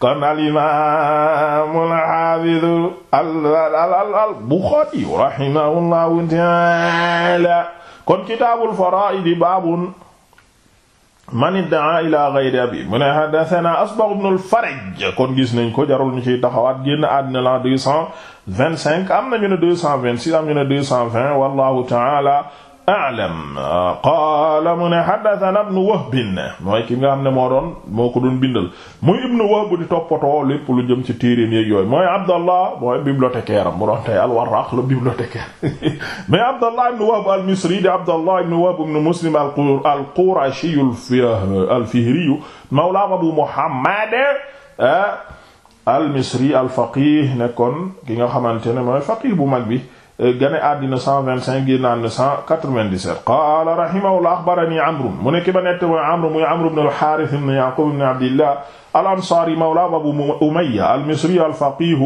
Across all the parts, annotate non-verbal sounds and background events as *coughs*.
kon al imaam al xaafid al Buxaari rahimahullahu taala kon kitaabul faraa'id baabun man iddaa ila ghayri abi mu ne haddathana Asbagh ibn al-Faraj kon gis nañ ko jarul ñu ciy taxawaat génn àddina la 225 am nañu ne 226 am nañu ne 220 wallahu taala a qaala mu ne haddathana ibnu Wahb mooy ki nga xam ne moo doon moo ko doon bindal muy ibnu Wahb di lu jëm ci téere yeeg yooyu mooy Abdallah mooy bibliothécaire am mu doon tey al-Warraq la bibliothécaire *laughs* mais Abdallah ibnu Wahb al-Misri di Abdallah ibnu Wahb ibnu Muslim al-Qurashi al-Fihri mawla Abu Muhammad eh, al-Misri al-faqih nekkoon ki nga xamante ne mooy faqih bu mag bi Euh, gane àddina 125 génn àddina 197 qaala rahimahullah axbarani amrun mu nekki ba nett mooy amru muy amru ibn al-Harith ibn Yaqub ibn Abdillah al-Ansari mawla Abu Umayya al-Misri al-faqih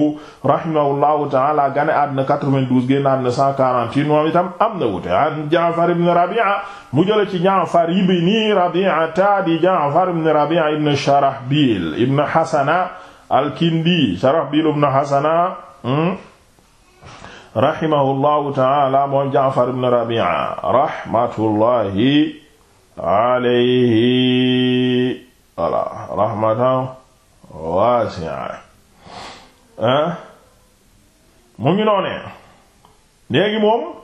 rahimahullahu ta'ala gane àddina 92 génn àddina 148 moom itam am na wute an Ja'far ibn Rabi'a mu jële ci Ja'far ibn Rabi'a taadi Ja'far ibn Rabi'a ibn Sharahbil ibn Hasana al-Kindi Sharahbil ibn Hasana hmm? rahimahullahu taala moom Jaafar ibn Rabi'a rahmatullahi alayhi wala rahmatan wasi'a mu ngi noonee léegi moom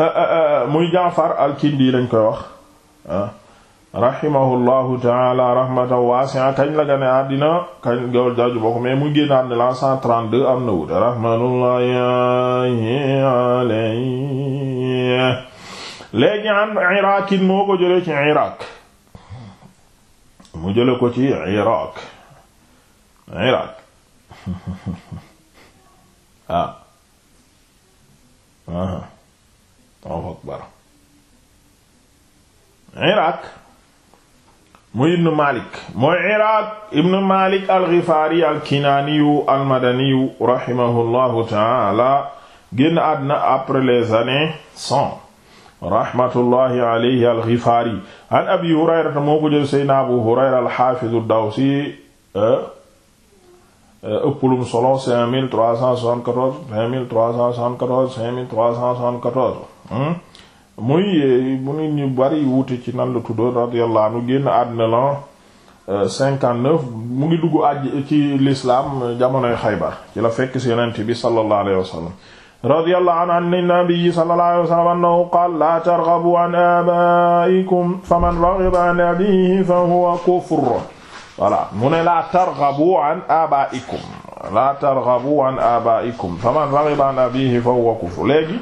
euh, euh, euh, muy Jaafar al-Kindi lañ koy wax rahimahullahu taala rahmatan waasi'a kañ la gane àddina kañ gawol jaaju bokk mais mu génn àddina la 132 am na wute rahmatullahi alayhi léegi an iraakin moo ko jëlee ci Irak mu jële ko ci Irak Irak *laughs* ah ah Allahu akbar Irak mu ibnu malik mooy iraq ibnu malik alxifaari alkinaaniyu almadaniyu rahimahullahu taala génn àddina après les années cent rahmatullahi alayhi alxifaari an abi hurayrata moo ko jël seydna abu hurayra alxaafizu dawsi euh, euh, ëppulum solo 5374 5374 5374 muy bu eh, nit ñu bari wuute ci nan la tuddoon radiyallahu anhu génn àddina lan euh, cinquante-neuf mu ngi dugg àjj ci l'islam jamonoy Xaybar ci la fekk si yonent bi sallallahu alayhi wa sallam radiyallahu anhu an nabiyyi sallallahu alayhi wa sallam annahu qaala laa targhabu an aaba'ikum faman raghiba an abiihi fa huwa kufr voilà mu ne laa targhabu an aaba'ikum laa targhabu an aaba'ikum faman raghiba an abiihi fa huwa kufr léegi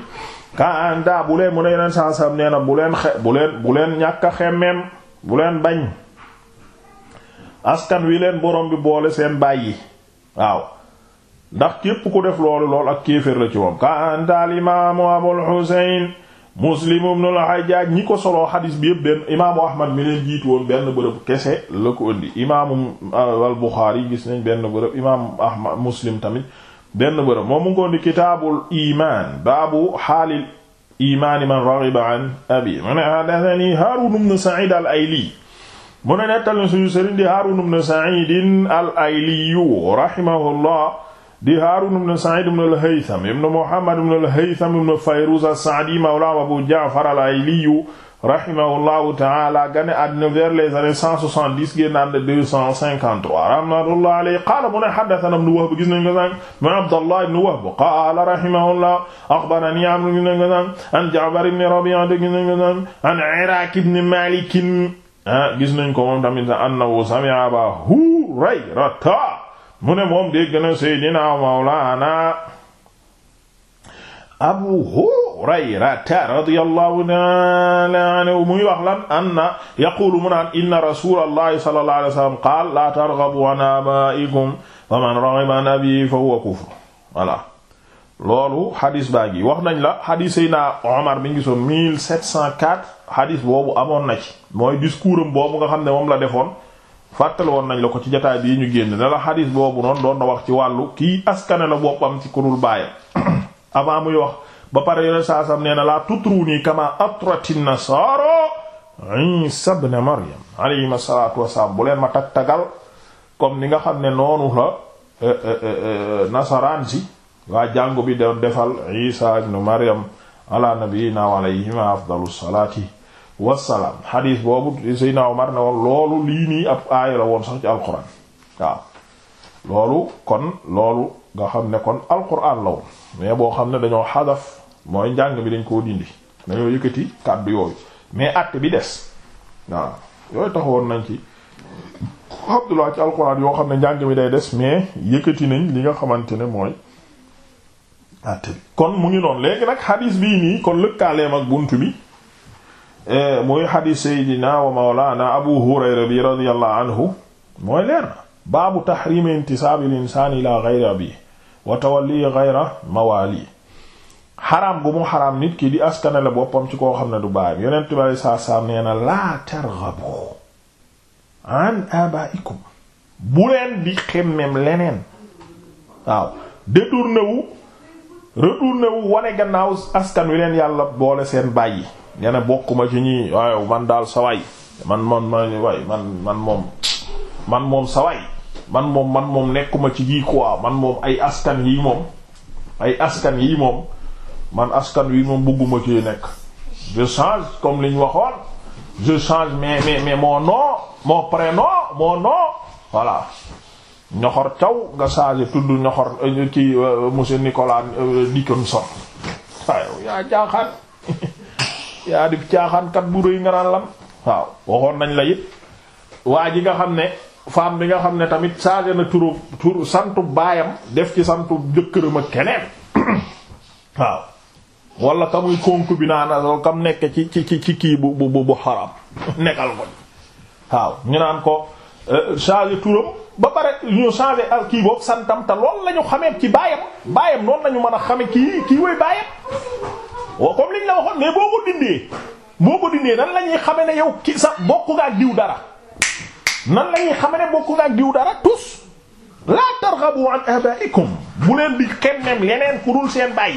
kaanda bu leen mu ne yeneen saa nee na bu leen xe bu leen bu leen ñàkk a bu leen bañ askan wi leen borom bi boole seen bàyyi waaw ndax képp ku def loolu lool ak kéeféer la ci moom kaanda al imaamu abul xuseyn muslim ibnul hajjaaj ñi ko soloo xadiis bi yépp benn imaamu ahmad mi leen jiitu woon benn bërëb kese la ko indi imaamu al gis nañ benn bërëb imaamu ahmad muslim tamit benn bërëb moom mu ngi ko di kitaabul imaan baabu xaalil imaani man raghiba an abi mu ne haddathanii Haaruun ibn Sa'iid al-Ayli mu ne nettali suñu sëriñ di Haaruun ibn Sa'iid al-Ayli rahimahullah di Haaruun ibn Sa'iid ibn al-Haytham ibn Muhammad ibn al-Haytham ibn Fayruz as-Sa'di mawla Abu Ja'far al-Ayli rahimahullahu taala gane àddina vers les années cent soixante dix génn àddina deux cent cinquante trois rahmatullahi alayhi qaala mu ne haddathana ibn Wahb gis nañ ko sànq mu ne Abdallah ibn Wahb qaala rahimahullah akhbarani Amr gis nañ ko sànq an Ja'far ibn Rabi'a gis nañ ko sànq an Iraq ibn Malik gis nañ ko moom tamit annahu sami'a Aba Hurayrata mu ne moom dégg na Seydina Mawlana Abu Hurayra hurayrata radiyallahu ta'ala anhu muy wax lan anna yaqulu mu naan inna rasulallahi sallallahu alayhi wa sallam qaala la targhabu an abaa'ikum wa man raghiba an abiihi fa huwa kufr voilà loolu xadis baa gi wax nañ la xadis yi naa Omar bi ngi so 1704 xadis boobu amoon na ci mooy discours am boobu nga xam ne moom la defoon fàttali woon nañ la ko ci jotaay bii ñu génn ne la xadis boobu noonu doon na wax ci wàllu kii askane la boppam ci kurul baayam *coughs* avant muy wax ba pare yoneen saa sam nee na laa tutruuni kama atrati nasaara Isa ibn Maryam alayhi salaatu wassalaam bu leen ma tag tagal comme ni nga xam ne noonu la eh, eh, eh, nasaraan si waa jàngu bi doon defal Isa ibn Maryam ala nabiyyina wa alayhima afdalu salaati wassalaam xadiis boobu Seydina Omar ne woon loolu lii nii ab aaya la woon sax ci alquran waaw loolu xam ne kon alquran boo xam ne dañoo xadaf mooy njàng bi dañ koo dindi dañoo yëkkati kàddu yooyu mais acte bi des waaw yooyu taxawoon nañ ci Abdullah yoo xam ne njàng bi day des mais yëkkati nañ li nga xamante ne mooy acte bi kon mu ngi noonu léegi nag xadiis bii nii kon lëkkaaleem ak bunt bi eh, muy xadiis Seydina wa Mawlana Abu Hurayra bi radiyallahu anhu mooy leer na baabu taxrimi intisaabil insaani ilaa gayri abi wa tawalli gayra mawali xaraam bu mu xaraam nit ki di askanale boppam ci koo xam ne du baayam yeneen bi alei saatu salaam nee na laa targhabu an abaikum bu leen di xemmem leneen waaw détourné wu retourné wu wane gannaaw askan wi leen yàlla boole seen bàyyi nee na bokkuma ci ñi waaw man daal saway man man man waay man moom man moom saway man moom man moom nekkuma ci gii quoi man moom ay askan yi moom ay askan yi moom man askan wi moom bëgguma ci nekk je change comme li waxoon je change mais mais mais mon nom mon prénom mon nom voilà ñoxor caw nga changé tudd ñoxor ci euh, euh, monsieur Nicolas euh, Dickinson waaw yaa caaxaan *laughs* yaa di caaxaankat bu rëy nga naan lam waaw waxoon nañ la it waa ji nga xam ne femme bi nga xam ne tamit changé na turu tur santu baayam def ci santu jëkkëram ak keneen *coughs* waaw wala ka muy concubinage na kam nekk ci ci ci kii bu bu bu xaram nekkal ko waaw ñu naan ko euh, changer turam ba pare ñu changer al kii boobu santam te loolu la ñu xamee ci baayam baayam noonu lañu mën a xame kii kii woy baayam waaw comme liñ la waxoon mais boo ko dindee boo ko dindee nan la ñuy xame ne yow ki sa bokk nga ak diw dara nan la ñuy xame ne dara tous la targhabu an abaikum bu leen di xemmeem leneen ku dul seen baay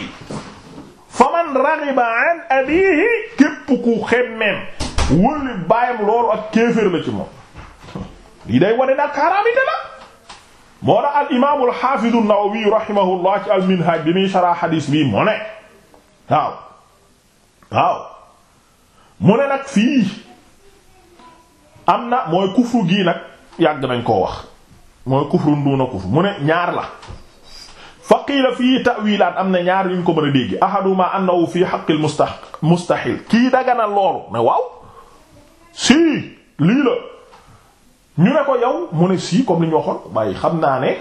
fa man raxiba an abiihi képp ku xemmeem wëli baayam loolu ak kéeféer ci moom lii day wane nag xaraamite la moo tax al imaamu al xaafidu nawawi rahimahullah al minhaj bi muy saraa xadiis bi mu ne waaw waaw mu ne nag fii am na mooy kufru gii nag yàgg nañ koo wax mooy kufru nduuna kufru mu ne ñaar la qiila fii ta'wilaan am na ñaar yuñ ko mën a dégg ahaduma annahu fii haqqil mustahq mustahil kii dagana loolu ne waaw si lii la ñu ne ko yow mu ne si comme li ñu waxoon waaye xam naa ne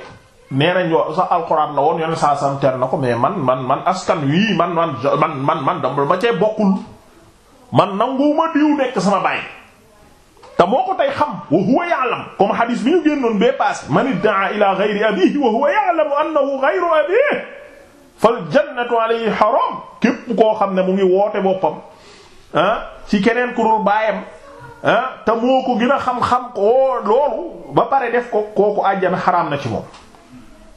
nee nañ sax alxuraan la woon yoon saa sam ter na ko mais man man man askan wii man man man man man dama cee bokkul man nanguuma diw nekk sama baay te moo ko tey xam wa huwa ya'lam comme hadis bi ñu génnoon bee paase man idda'a ila ghayri abihi wa huwa ya'lamu annahu ghayru abihi fal jannatu haram képp koo xam ne mu ngi woote boppam ah, ci keneen ku dul baayam ah te moo ko gën xam-xam ko loolu ba pare def ko kooku àjjana xaraam na ci moom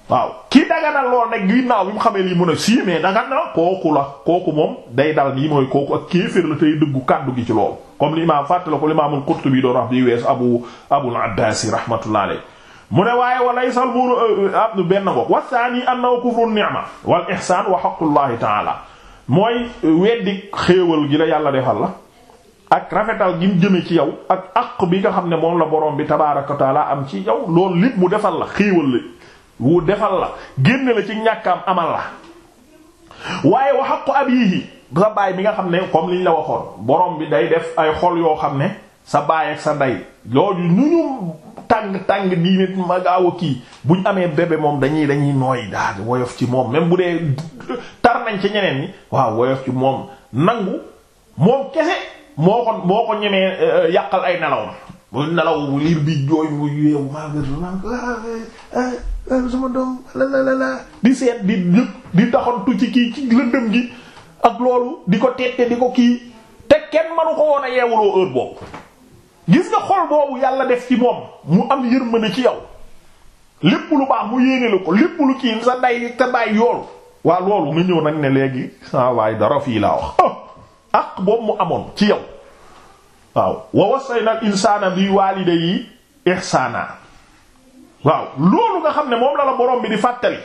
waaw ki daganal lool nag ginnaaw bi mu xamee lii mun a sii mais dagan na kooku la kooku moom day dal nii mooy kooku ak kéeféer la tey dëggu kàddu gi ci loolu comme l'imam fàttala ko l'imamul Qurtubi doon wax bi wees abu abul abbaasi rahmatullah alayh mu ne waaye walaysal muru euh, abdu benn ko bopp wasaani annahu kufru ni'ma wal ihsaan wa haqqullahi ta'ala mooy euh, weddi xéewal gi la yàlla defal la ak rafetal gi mu jëme ci yow ak aq bi nga xam ne moom la borom bi tabaaraka am ci yow loolu lépp mu defal la xéewal la wu defal la génn la ci ñàkkaam amal la waaye wa ab abiihi sa baay bi nga xam ne comme liñ la waxoon borom bi day def ay xol yoo xam ne sa baay ak sa ndey loolu ñu ñu tàng tàng diine ma gaaw a kii buñ amee bébé moom dañuy dañuy nooy daal woyof ci moom même bu dee tar nañ ci ñeneen yi waaw woyof ci moom nangu moom kese moo ko moo ko ñemee yàqal ay nelaw bu nelaw liir bi jooy mu yeewu maa ngi Eh, sama doom lalalala di seet di yëpp di taxantu ci kii ci lëndëm gi ak loolu di ko tette di ko kii te kenn manu ko woon a yeewuloo heure boobu gis nga xol boobu yàlla def ci moom mu am yërmande ci yow lépp lu baax mu yéene ko lépp lu kii sa day te bàyyi yoolu waa loolu nga ñëw nag ne léegi saa waay dara fii laa wax ak ah, boobu mu amoon ci yow waaw wa wasaynal insaana bi waalidayhi ihsaana waaw loolu nga xam ne moom la la borom bi di fàttali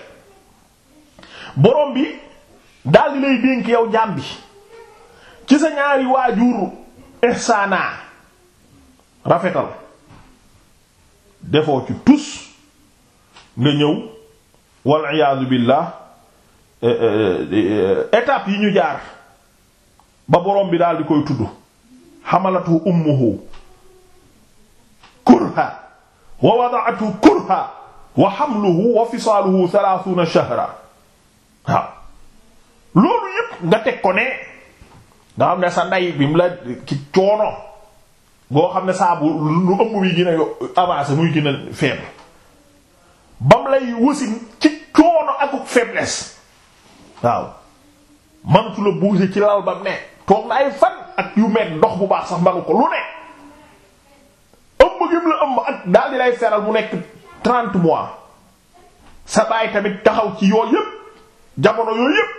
boroom bi daal lay dénk yow jaam bi ci sa ñaari waajur ihsaanaa rafetal defoo ci tus nga ñëw wal iyaadu billah eh, eh, eh, étape yi ñu jaar ba borom bi daal di koy tudd xamalatu ummuhu kurha wa wada'atu waaw loolu yépp nga teg ko ne nga xam ne sa ndey bi mu la ci coono boo xam ne saabu lu ëmb bi gën a avancé muy gën a ba mu lay wasin ci coono akuk faiblesse waaw mënatu la bouger ci lal ba mu ne toog na ay fan ak yu mel ndox bu baax sax manu ko lu ne ëmb gi mu la di lay feral mu nekk trente mois sa baay tamit taxaw ci yooyu yépp jamono yooyu yépp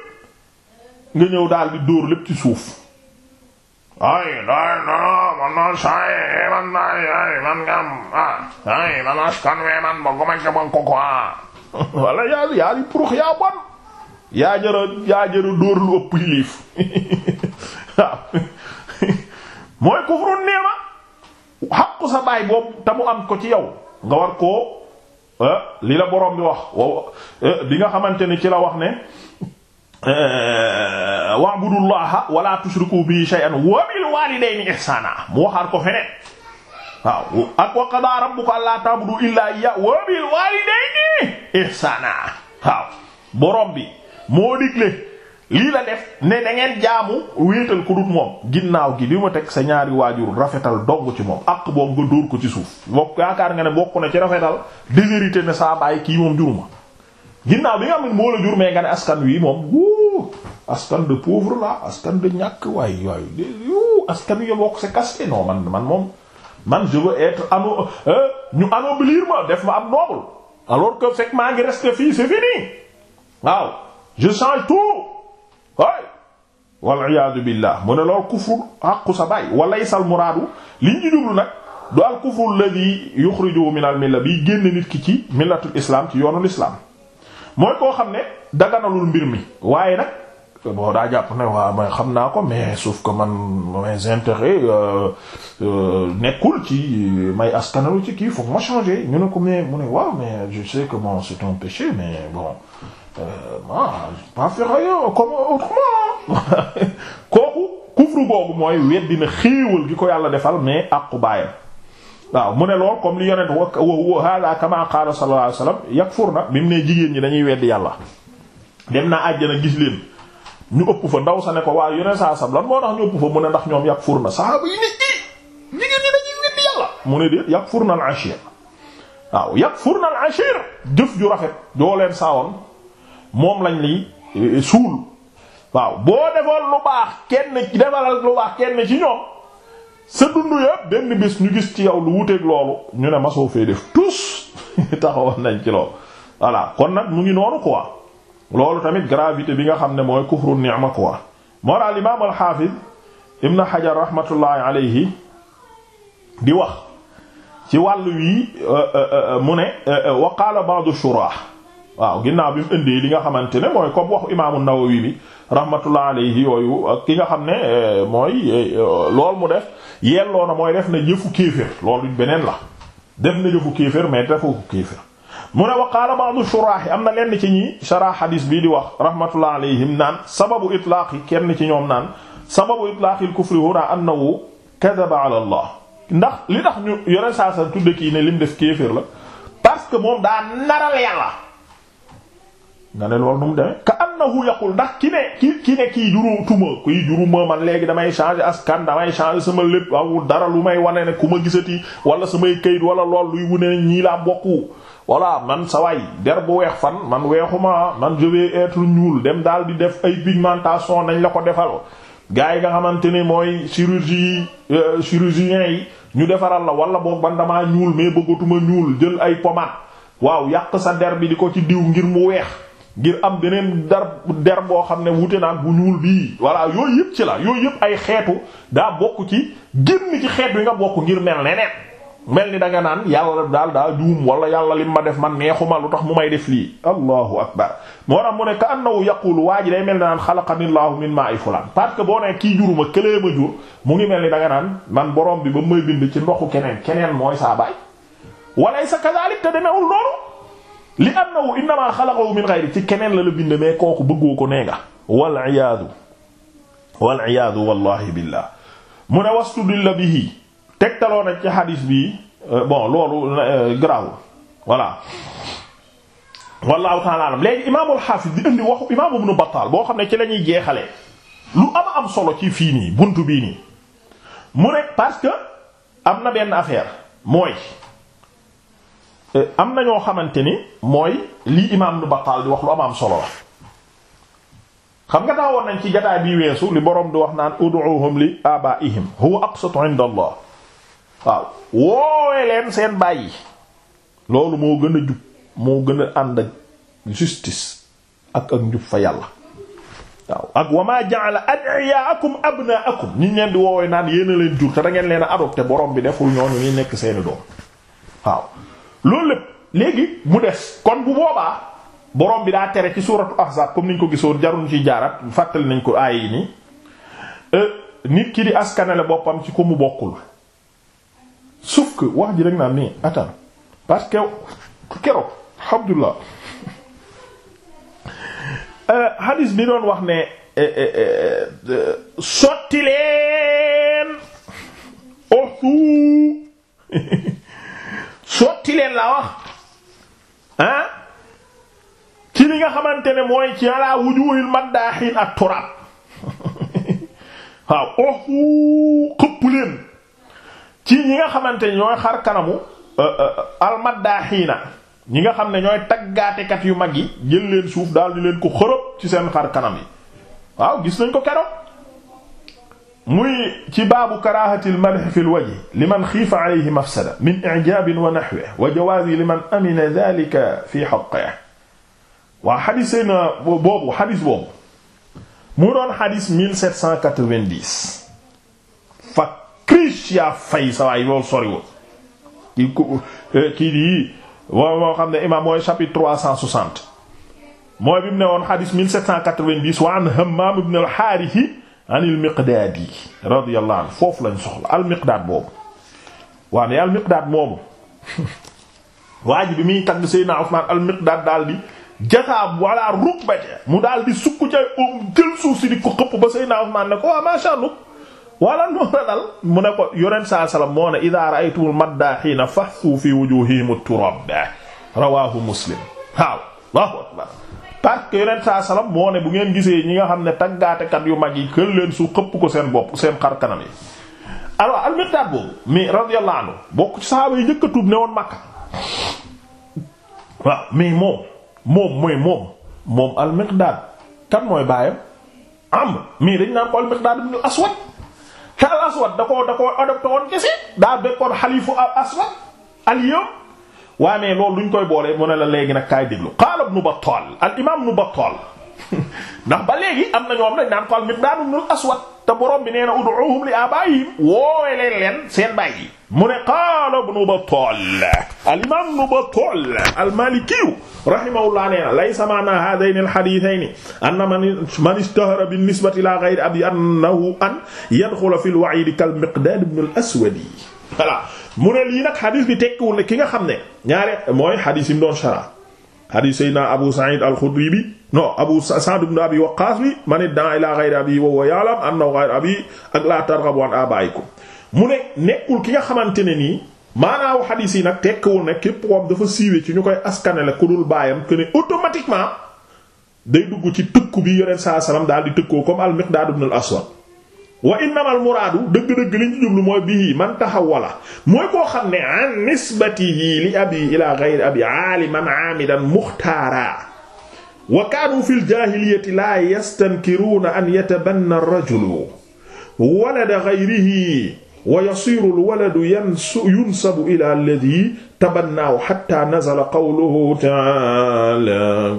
nga ñëw daal di dóor lépp ci suuf ay day non man eh, man ay man ah, ay man askan wi man ba goment ba nga ko ko ah. *laughs* walla yaa yaa li pour yaa bon yaa jëra yaa jëra dóor lu ëpp liif *laughs* waaw *laughs* mooy kufru neema. xaqu sa baay boobu te am ko ci yow nga war koo euh, li la borom bi wax euh, bi nga xamante ni ci la wax ne euh, wa'budullaha wala tushriku bihi shay'an wa bil walidayni ihsana mu waxaat ko feneen waaw ak wa qadaa rabbuka alla ta'budu illaa iyyahu wa bil walidayni ihsana waaw borom bi moo digle lii la def ne da ngeen jaamu wéetal ku dut moom ginnaaw gi li ma teg sa ñaari waajur rafetal dong ci moom ak boom nga dóor ko ci suuf bokk yaakaar nga ne bokk na ci rafetal déshérité ne saa bàyyi kii moom juruma ginnaaw bi nga xam ne moo la nga ne askan wi moom wuu askan de pauvre la askan de ñàkk waaye waaye wuu askan wi bokk sa casque non man man moom man je veux être ano euh, ñu anoblir ma def ma am noble alors que fekk maa ngi rester fii hoy wal iyaadu billah mu ne lool kufru àqu sa baay walaysal muraadu liñ ci jublu nag du al kufru alladhi yuxrijuhu min al bi génn nit ki ci millatul islam ci yoonul islam mooy koo xam ne daganalul mbir mi waaye nag que daa jàpp ne waa mais xam naa ko mais suuf ko man mes intérêts euh, euh, nekkul ci may askanalu ci kii foog ma changer ñu ne ko mais mu ne waaw mais je sais que bon c'est un péché mais bon ah pas faire comme autrement *laughs* kooku kufru boobu mooy weddi xéewal gi ko yàlla defal mais àqu baayam waaw mu ne lool comme lu yonent wa wa hada kama qala sallallahu alayhi wasallam yakfur na bi mu ne jigéen ñi dañuy weddi yàlla dem naa àjjana gis leen. ñu ëpp fa ndaw sa ne ko waaye yeneen saa sab lan moo tax ñu ëpp fa mu ne ndax ñoom yàq fur na saxaaba yi ne i jigéen ñi ne déet yàq na al waaw yàq fur na al ashir ju rafet doo leen moom lañ li eh, suul waaw boo defoon lu baax kenn defalal lu baax kenn ci ñoom sa dund yëpp benn bis ñu gis ci yow lu wuteeg loolu ñu ne masoo fee def tous *laughs* taxawoon nañ ci loolu voilà kon nag mu ngi noonu quoi loolu tamit gravité bi nga xam ne mooy kufru ni'ma quoi moo daal imaam al-Hafiz Ibn Hajar rahmatullahi alayhi di wax ci wàll wi euh, euh, euh, mu ne wa qaala ba'du waaw ginnaaw bi mu indee li nga xamante ne mooy comme waxu imaamu Nawawi bi rahmatullahi alayhi ki nga xam ne mooy loolu mu def yelloo na mooy def na jëfu kéefër loolu beneen la def na jëfu kéefër mais defu ko kéefër mu ne wa qaala ba'du am na lenn ci ñi shara hadis bii di wax rahmatullah alayhim naan sababu itlaaqi kenn ci ñoom naan sababu itlaaqil kufri huna annahu kadaba ala allah ndax li tax ñu yore saa sa tudde kii ne lim def kéeféer la parce que moom daa naral yàlla nga ne loolu mu demee ka annahu yaqul ndax ki ne ki ki kii juru kii juru ma man léegi damay changer askan damay changer sama lépp aw dara lu may wane ne ku ma gisati wala samay kayit wala lool luy wune ñii laa bokku voilà man sa waay der bu weex fan man weexuma man je vais être ñuul dem daal di def ay pigmentation nañ la ko defal gars yi nga xamante ni mooy chirurgie euh, chirurgiens yi ñu defaral la wala boog man damaa ñuul mais bëggatuma ñuul jël ay pommade waaw yàq sa der bi di ko ci diw ngir mu weex ngir am beneen dar der boo xam ne wute naa bu ñuul bii voilà yooyu yëpp ci la yooyu yëpp ay xeetu daa bokk ci génn ci xeet wi nga bokk ngir mel neneen mel ni da nga naan yàlla daal daa juum wala yàlla lim ma def man neexuma lu tax mu may def lii allahu akbar moo tax mu ne ka annahu yaqulu waa ji day mel ni naan xalaqanillahu min maa'i fulaan parce que boo ne kii juruma këlee ma jur mu ngi mel ni da nga naan man borom bi ba may bind ci ndoxu keneen keneen mooy saa baay walay sa noonu li annahu innama xalaqahu min ghayri ci keneen la la bind mais kooku bëggoo ko nee nga wal iyaadu wal iyaadu wallahi billah mu ne tegtaloo nañ ci xadiis bi euh, bon loolu euh, garaawul voilà wallahu ta'ala alam léegi imaamul xaafis di indi waxu imaamu ibnu Battaal boo xam ne ci la ñuy jeexalee lu ama am solo ci fii nii buntu bii nii mu ne parce que am na benn affaire mooy euh, am na ñoo xamante ni mooy lii imaam ibnu Battaal di wax lu ama am solo la xam nga daa woon nañ ci jotaay bi weesu li borom di wax naan ud'uuhum li aabaa'ihim huwa aqsatu 'inda Allah waaw woowee leen seen bàyyi loolu moo gën a jub moo gën a ànd ak justice ak ak njub fa yàlla waaw ak akum ja'ala ad'iyaakum abnaakum ñi ngeen di woowee naan yéen a leen jur te da leen a adopté borom bi deful ñooñu ñuy nekk seeni doom waaw loolu lépp léegi mu des kon bu boobaa borom bi daa tere ci suuratu ahzab comme niñ ko gisoon jaruñu ciy jaarat fàttali nañ ko aay yi nii euh, nit ki di askanale boppam ci ko mu bokkul sauf que wax ji rek naa nii attends parce que keroog euh, hadis bi doon wax ne euh, euh, sotti leen oxu sotti leen laa wax ah ci li nga xamante ne mooy ci ala wujuhil maddahin ak turab waaw oxu xëpp leen ci ñi nga xamante ñooy xar kanamu euh, euh, almaddaaxiina ñi nga xam ne ñooy taggaatekat yu mag yi jël suuf daal di leen ko xërëb ci seen xar kanam yi gis nañ ko keroog muy ci baabu karaahatil madh fil wajhi liman xiifa alayhi mafsada min i'jaab wa nahwihi wa jawaazi liman amina dhalika fi haqqihi waa xadis seyna euh, mu doon xadis crise yaa fay sa waay loolu soriwul eh, kii di moom moo xam ne imaam mooy chapitre 360 mooy bi mu ne woon xadis wa an Hammaam ibn al-Haarith an al-Miqdaad radiyallahu anhu foofu lañ soxla al-Miqdaad boobu waaw mais al-Miqdaad moomu *laughs* waa ji bi muy tagg Seydina Usmaan al-Miqdaad daal di jataab wala rukbate mu daal di sukk ca jël suuf si di ko xëpp ba Seydina Usmaan ne ko waaw maa wala *laughs* noora dal mu ne ko yonent saa sallam moo ne idaa ra'aytumul maddaahiina fahthuu fi wujuuhihimut turaab rawaahu muslim waaw allahu akbar parce que moo ne bu ngeen gisee ñi nga xam ne taggaatekat yu mag yi kër leen su xëpp ko seen bopp seen xar kanam yi alors almirdaad boobu mais radiyallahu anhu bokk ci sahaaba yi njëkk a tuub ne woon Makka waaw mais moom moom moom moom almirdaad kan mooy baayam am mais dañ naan ko almirdaad ibn aswad te al aswad da koo da koo adopté woon kese daa bekkoon xalifu al aswad al yawm waaye mais loolu luñ koy boolee mu ne la léegi nag kaay déglu qaala ibn Battal al imam ibn Battal *laughs* ndax ba léegi am na ñoom dañ naan ko al Miqdaad ibnul Aswad te borom bi nee na ud'uuhum li aabaa'ihim woowee leen leen seen baay yi mu ne qaala ibnu Battaal al imaam ibnu Battaal al Maalikiyu rahimahullah nee na laysa ma'naa haadayni al hadiisayni anna man ishtahara bin-nisbati ilaa ghayri abi annahu an yadxula fil wa'iid kal Miqdaad ibnul Aswad voilà mu ne lii nag xadis bi tekkiwul ne ki nga xam ne ñaare mooy xadis yi mu doon shara xadis Seydina Abu Saïd al-Xudri bi no abu Sa'd ibn abi Waqqas bi man idda'a ila ghayri abi wa huwa ya'lam annahu ghayru abi ak la targhabu an abaa'ikum mu ne nekkul ki nga xamante ne nii maanaaw xadiis yi nag tekkiwul ne képp koom dafa siiwee ci ñu koy askanale ku dul baayam que ne automatiquement day dugg ci tëkku bi yoneen saa salaam daal di tëkkoo comme al Miqdaad ibn al Aswad wa innamal muraadu dëgg-dëgg li ñu jublu mooy bii man taxawala mooy koo xam ne an nisbatihi li abi ila ghayri wa kaanu fil jaahiliyati laa yastankiruuna an yatabanna ar-rajulu walada ghayrihi wa yasiiru al-waladu yunsabu ilaa alladhii tabannaahu hattaa nazala qawluhu ta'aalaa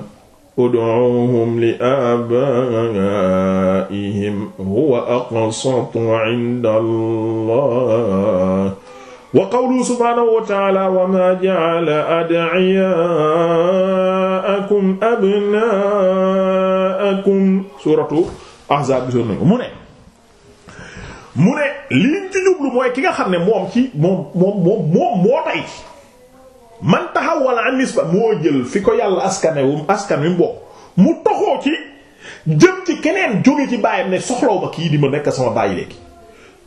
ud'uuhum li-aabaa'ihim huwa aqsatu 'inda Allah wa qawluhu subhaanahu wa ta'aalaa wa maa ja'ala ad'iyaa akum abnaakum suuratu ahzaab gisoon nañu mu ne mu ne liñ ci jublu mooy ki nga xam ne moom ci moom moom moom moom moo tay man taxawal an nisba moo jël fi ko yàlla askanewum askan wi mbokk mu toxoo ci jëm ci keneen jóge ci baayam ne soxlaw ma kii di ma nekk sama baay léegi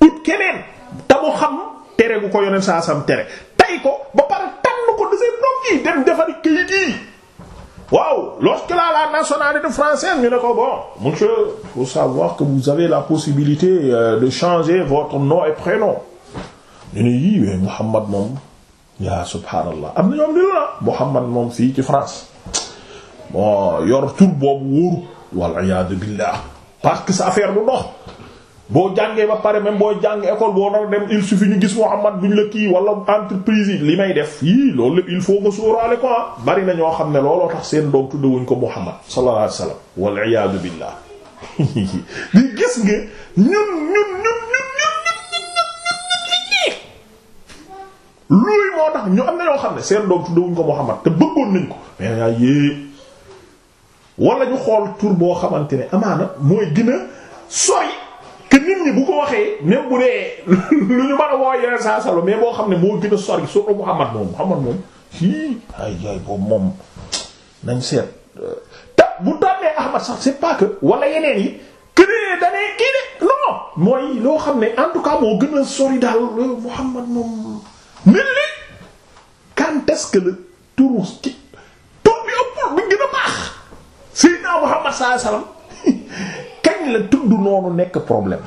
ut keneen te mu xam tere gu ko yoneen saa sam tere tay ko ba pare tànn ko de seen yi dem defari këyit yi waaw lorsque la la nationalité française ñu ne ko bon monsieur faut savoir que vous avez la possibilité euh, de changer votre nom et prénom ñu ne yii wee Muhammad moom yaa subhaanallah am na ñoom di la Muhammad moom fii ci France bon yor tur boobu wóoru wal iyaadu billah parce que sa affaire bu dox boo jàngee ba pare même booy jàng ecole boo nar dem il suffit ñu gis Muhammad ñu la kii wala entreprise yi li may def yii loolu il faut nga sóoraale ko bari na ñoo xam ne looloo tax seen doom tuddewuñ ko Muhammad sallallahu alayhi wasallam wal iyaadu billah di gis nga ñun ñun am na ñoo xam ne seen doom tuddewuñ ko Muhammad te bëggoon nañ ko mais yaa yee wala ñu xool tur boo xamante ne amaana mooy gën a sori que nit ñi bu ko waxee même bu dee lu ñu mën a woo yeneen saa salo mais boo xam ne moo gën a sori surtout Muhammad moom Muhammad moom ay ay boobu moom nañ seet euh, ta bu tànnee Ahmad sax c'est pas que wala yeneen yi que loo xam ne en tout cas moo gën a sori daal euh, Muhammad moom mil a baax Seydina *laughs* kañ la tudd noonu nekk problème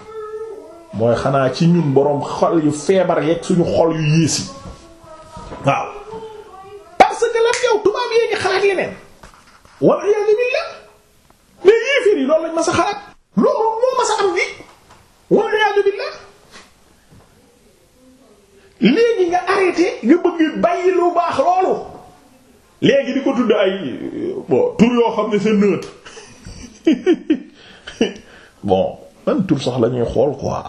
mooy xanaa ci ñun boroom xol yu feebar yeeg suñu xol yu yées yi waaw parce que lan yow tubaab yee ngi xalaat leneen walla yàlla bi la mais yéeféer loolu lañ ma sa xalaat loolu moo ma sa am ni walla yàlla bi la léegi nga arrêté nga bëgg bàyyi lu baax loolu léegi di ko tudd ay tur yoo xam ne c'est neutre *laughs* bon man tur sax la ñuy xool quoi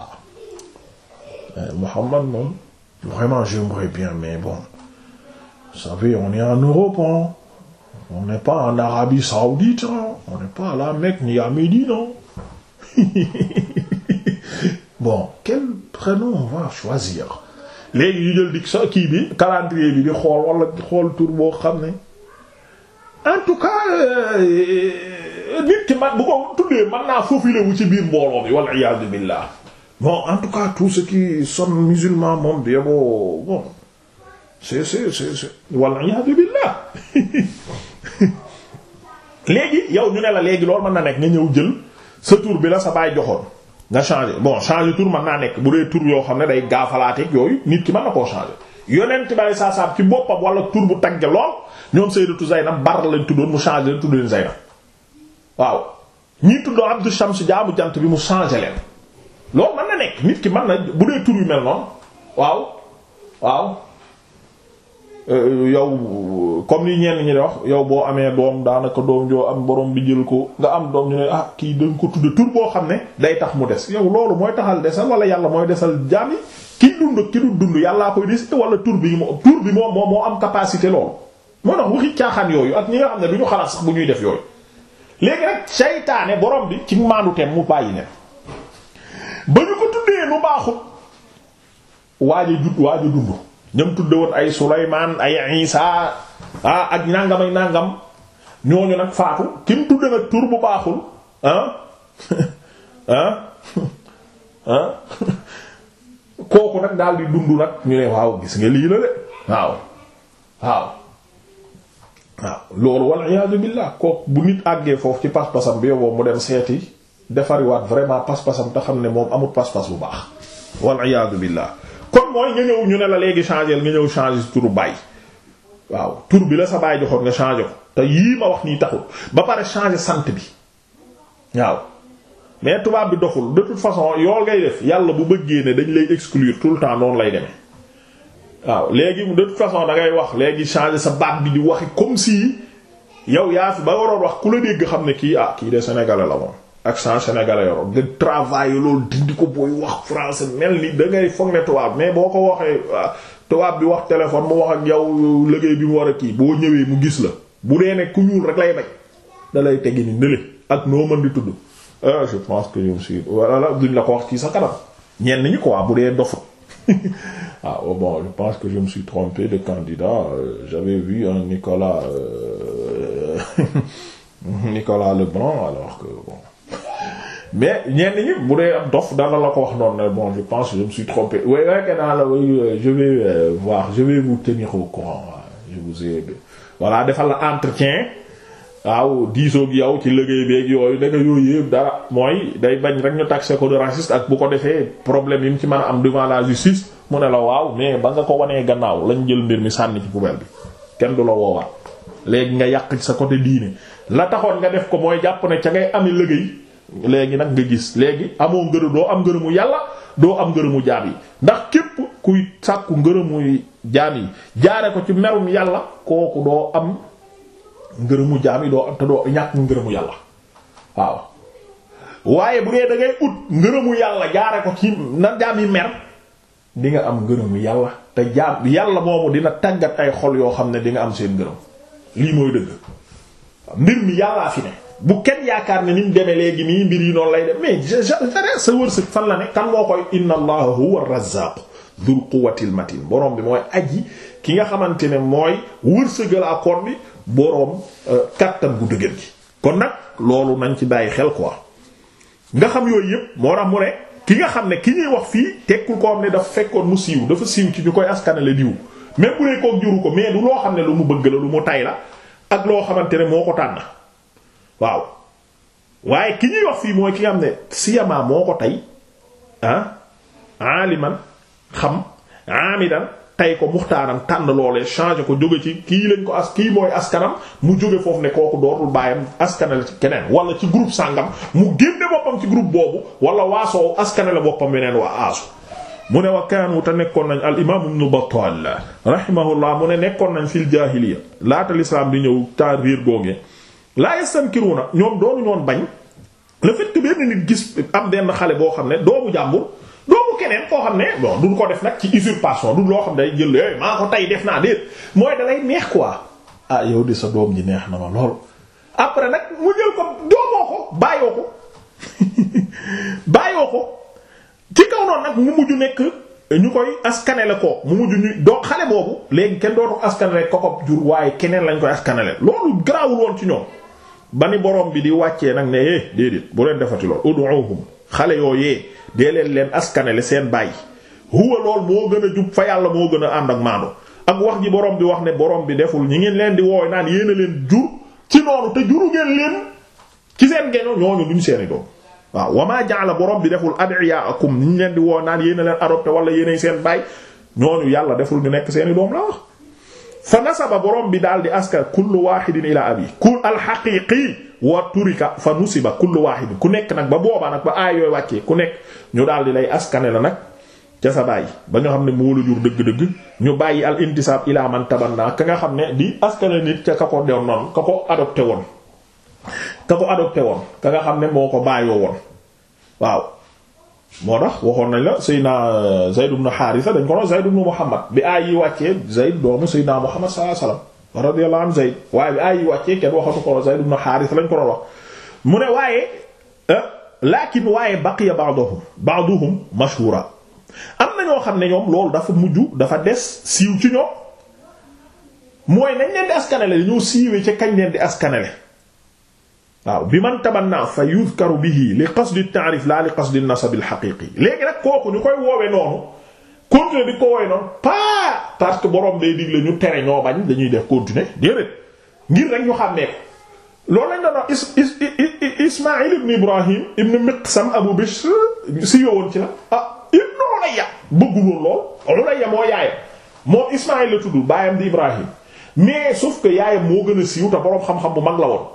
Muhammad moom vraiment j'aimerais bien mais bon vous savez on est en Europe on n'est pas en Arabie saoudite on n'est pas à la Mecque ni à Médine *laughs* bon quel prénom on va choisir léegi ñu jël di sa kii bi calendrier bi di xool wala xool boo xam ne en tout cas. Euh, nit ki man bu ko tuddee mën naa faufile wu ci biir mbooloo mi wal iyaadu billah bon en tout cas tout ceux ki sont musulmans moom bi yeboo bon c'est c'est c'est wal iyaadu billah *laughs* léegi yow ñu ne la léegi loolu man na nekk nga ñëw jël sa tur bi la sa baay joxoon nga changer bon changer tur mën naa nekk bu dee tur yoo xam ne day gaafalaateeg yooyu nit ki man na koo changer. yonent bari saa saab ci boppam wala tur bu tagge lool ñoom sa Zaynab Barra lañ tuddoon mu changer leen waaw ñii tuddoo Abdu Shams jaamu jant bi mu changé leen loolu mën na nekk nit ki mën na bu dee tur yu mel noonu waaw waaw euh, yow comme ni ñenn ñi di wax yow boo amee doom daanaka doom joo am borom bi jël ko nga am doom ñu ne ah kii dañ ko tudd tur boo xam ne day tax mu des yow loolu mooy taxal desal wala yàlla mooy desal jaam yi kii dund ki du dund yàllaa koy des wala tur bi moo tur moom moo moo am capacité loolu moo tax waxi caaxaan yooyu ak ñi nga xam ne du ñu xalaat sax bu def yooyu léegi rek seytaane borom bi ci maandu teem mu bàyyi nen ba ñu ko tuddee nu baaxut waaja dund ñam tudde woon ay Sulaymaan ay Isaa ah ak nàngam ay nàngam ñooñu nag faatu kim tudde nag tur bu baaxul ah, *laughs* ah, *laughs* ah, *laughs* kooku nag daal di dund nag ñu ne waaw gis nga lii la de waaw waaw waaw ah, loolu wal iyaadu billah kooku bu nit àggee foofu ci pas-pasam bi yoboo mu dem seeti defariwaat vraiment pas-pasam te xam ne moom amul pas-pas bu baax wal iyaadu billah kon mooy nga ñëw ñu ne la léegi changer nga ñëw changer turu baay waaw tour bi la sa baay joxoon nga changer ko te yii ma wax nii taxul ba pare changer sant bi waaw mais tubaab bi doxul de toute façon yool ngay def yàlla bu bëggee ne dañ lay exclure tout le temps noonu lay demee waaw léegi de toute façon da ngay wax léegi changer sa baat bi di waxi comme si yow yaa fi ba waroon wax ku la dégg xam ne kii ah kii de sénégalais la moom accent sénégalais yoroon nga travailler loolu dindi ko booy wax français mel ni dangay ngay foog ne tubaab mais boo ko waxee ah, tubaab bi wax téléphone mu wax ak yow liggéey bi mu war a kii boo ñëwee mu gis la bu dee ne ku ñuul rek lay bañ da lay teggi ni nële ak noo mën di tudd ah je pense que ñoom si voilà la ko ci sa kanam ñenn ñi quoi bu dee dofu *laughs* ah oh bon je pense que je me suis trompé de candidat euh, j'avais vu un Nicolas euh, *laughs* Nicolas Leblanc alors que bon mais ñenn ñi bu dee am la ko wax noonu ne bon je pense que je me suis trompé je vais euh, voir je vais vous tenir au courant je vous ai voilà defal la entretien. waaw diisoog yow ci liggéey beeg yooyu nekk yooyu yëpp dara mooy day bañ rek ñu taxé ko de raciste ak bu ko defee problème yi mu ci man a am devant la justice mu ne la waaw mais ba nga ko wanee gannaaw lañ jël mbir mi sànni ci poubelle bi kenn du la woowaat léegi nga yàq sa côté diine la taxoon nga def ko mooy jàpp ne ca ngay ami liggéey léegi nag nga gis léegi amoo ngërëm doo am mu yàlla doo am ngërëmu jaam yi ndax képp kuy sàkku ngërëmu jaam yi jaare ko ci merum yàlla kooku doo am ngërëmu jaam yi doo am te doo ñàkk ngërëmu yàlla waaw waaye bu dee ut ngërëmu yàlla jaare ko ci na jaam yi mer di nga am ngërëmu yàlla te jaam yàlla moomu dina tàggat ay xol yoo xam ne dinga am seen ngërëm lii mooy dëgg mbir mi yàllaa fi ne bu kenn yaakaar ne ni mu léegi nii mbir yi noonu lay dem mais jare sa wërsëg fan la ne kan moo koy inna allaha huwa razzaq dhul quwwatil matin borom bi mooy aji ki nga xamante ne mooy wërsëgal akoon bi boroom euh, kàttan gu dëgër gi kon nag loolu nañ ci bàyyi xel quoi nga xam yooyu yëpp moo tax mu ne ki nga xam ne ki ñuy wax fii tekkul ko am ne dafa fekkoon mu siiw dafa siiw ci ñu koy askanale diw mais bu dee kook juru ko mais du loo xam ne lu mu bëgg la lu mu tay la ak loo xamante ne moo ko tànn waaw waaye ki ñuy wax fii mooy ki nga xam ne siyamaa moo ko tay ah aliman xam amidan tay ko muxtaaram tànn loolee changer ko jóge ci kii lañ ko as kii mooy askanam mu jóge foofu ne kooku dootul baayam askanale ci keneen wala ci group sàngam mu génne boppam ci group boobu wala waasoo askanale boppam yeneen waa aasu mu ne wa kaanu te nekkoon nañ al imam ibn Battal rahimahullah mu ne nekkoon nañ fil jaahiliya laata l'islam di ñëw ta riir googee laa yastankiruna ñoom doonu ñoon bañ le fait que benn nit gis am benn xale boo xam ne doomu jàmbur doomu keneen koo xam ne bon duñ ko def nag ci usurpation du loo xam ne day jël yooyu eh, maa ko tey def naa déet mooy dalay neex quoi ah yow di sa doom ji neex na ma lool après nag mu jël ko doomoo ko bàyyoo ko *laughs* bàyyoo ko ci kaw noonu nag ñu koy askanele xale boobu léegi kenn dootu askanele ko ko jur waaye keneen lañ koy askanele loolu garaawul woon ci ñoom ba ni borom bi di wàccee nag ne eh déedéet bu leen defati lool ud'uhum xale yooyee dee leen leen askanele seen bàyyi huwa lool moo gën a jub fa yàlla moo gën a ànd ak maandu ak wax ji borom bi wax ne borom bi deful ñi ngeen leen di wooy naan yéen a leen jur ci noonu te juru ngeen leen ci seen geño ñooñu duñ seeni doom waaw wa maa ja'ala borom bi deful ad'iyaakum ñi leen di wooy naan yéen a leen adopté wala yéenay seen bàyyi ñooñu yàlla deful ñu nekk seeni doom la wax fa nasaba borom bi daal di askar kullu wahidin ila waa turika fa nusiba kullu wahid ku nekk nag ba boobaa nag ba aay yooyu wàccee ku nekk ñu daal di lay askane la nag ca sa bàyyi ba nga xam ne moo la jur dëgg-dëgg ñu bàyyi al intisab ila man naa ka nga xam ne di askane nit ca ka ko doon noonu ka ko adopté woon ka nga xam ne moo ko bàyyoo woon waaw moo tax waxoon nañ la Seydina euh, Zayd ibn Haarisa dañ ko no Zayd ibn Muhammad bi aay yi wàccee Zayd doomu Seydina Muhammad sallallahu alayhi wasallam radiyallahu anhu Zayd waaye ay yi wàccee kenn ko Zayd ibn Haaris lañ wax mu ne waaye eh, laakin waaye baqiya ba'duhum ba'duhum am na ñoo xam ne ñoom loolu dafa mujj dafa des siiw ci ñoom mooy nañ leen di askanale dañoo siiwee ca kañ leen di askanale waaw bi man tabanna fa yuzkaru bihi li qasdi at-ta'rif la li qasdi an-nasab al-haqiqi léegi nag kooku ñu koy woowe noonu continuer di ko woy noonu pas parce que borom day digle ñu tere ñoo bañ dañuy def continuer déedéet ngir rek ñu xàmmee ko loolu lañ doon wax is Ibrahim ibn Miqsam Abu Bishr si yowoon ci la ah ibn Ulayya bëggul woon lool Ulayya moo yaayam moom Ismaïl la tudd baayam di Ibrahim mais sauf que yaayam moo gën a siiw te boroom xam-xam bu mag la woon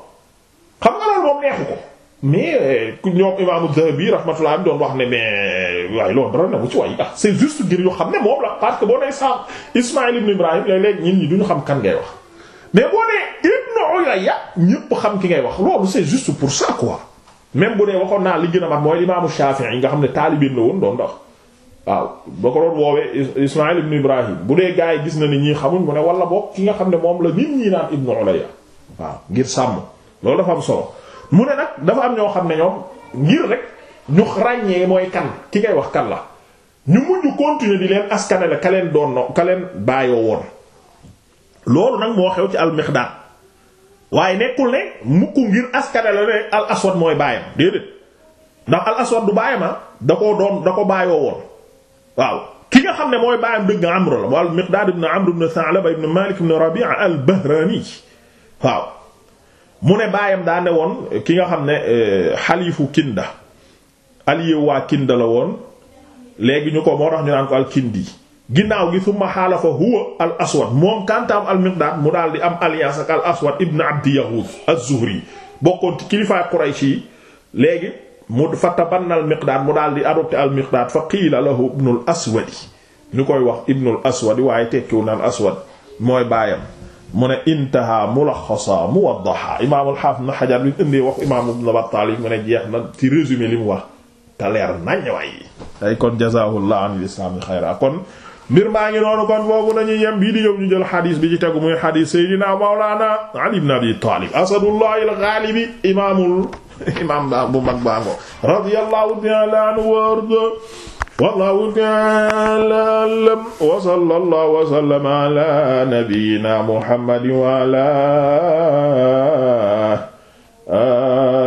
xam nga loolu moom neexu ko mais eh, ñoom imaamu Dhahabi rahmatullah doon wax ne mais waaye loolu dara newu ci way ah c'est juste ngir yoo xam ne moom la parce que boo nee sa Ismaïl ibn Ibrahim léeg-léeg ñin ñi duñu xam kan ngay wax mais boo ki ngay wax loolu c'est juste pour ça quoi même bu dee waxoon naa li gën a mat mooy imaamu Shafi'i nga xam ne taalibeem la woon doon dox waaw ba ko doon woowee Ismaïl ibn Ibrahim bu dee gaa yi gis na ni ñii xamuñ mu ne wala boog ki nga xam ne moom la nit ñi naan Ibn Uyayya waaw ngir sàmm loolu dafa am solo mu ne nag dafa am ñoo ñu ràññee mooy kan ki ngay wax kan la ñu mujj continuer di leen askanale ka leen doon no ka leen bàyyoo woon loolu nag moo xew ci al waaye nekkul ne mukk ngir askanale ne al mooy bàyyam déedéet ndax al aswad du bàyyama ah, da koo doon da ko bàyyoo woon waaw ki nga xam ne mooy bàyyam dëgg Amr la wal Miqdaad ibn Amr ibn Tha'laba ibn Malik ibn Rabi'a al-Bahraani waaw mu ne baayam daane woon ki nga xam ne eh, xalifu Kinda aliyew waa Kinda la woon léegi ñu ko moo tax ñu naan ko al-Kindi ginnaaw gi summa xaalafa huwa al aswad moom kantaam al miqdaad mu daal di am alliance ak al aswad ibn abdi yahuud az-Zuhri bokkoon ci kilifaay Quraysh léegi mu fa tabanna al miqdaad mu daal di adopté al miqdaad fa qiila lahu ibnul aswadi ñu koy wax ibnul aswadi waaye tekkiwu na aswad mooy baayam mu ne intaha mulaxasa muwaddaha imaamul xaafid na xajar indee wax imaam ibn Battaal mu ne jeex te leer nañ way ay kon jazaahullah anil islaami xayra kon mbir maa ngi noonu kon boobu nañuy yem bii di ñëw ñu jël xadiis bi ci tegu muy xadiis seydina mawlana ali ibn abi taalib asadullahi algaalibi imaamul imaam baa bu mag baa ngo radiyallahu ta'ala anhu wa arda wallahu ta'ala a'lam wa sallallahu wa sallama ala nabiyyina muhammadin wa ala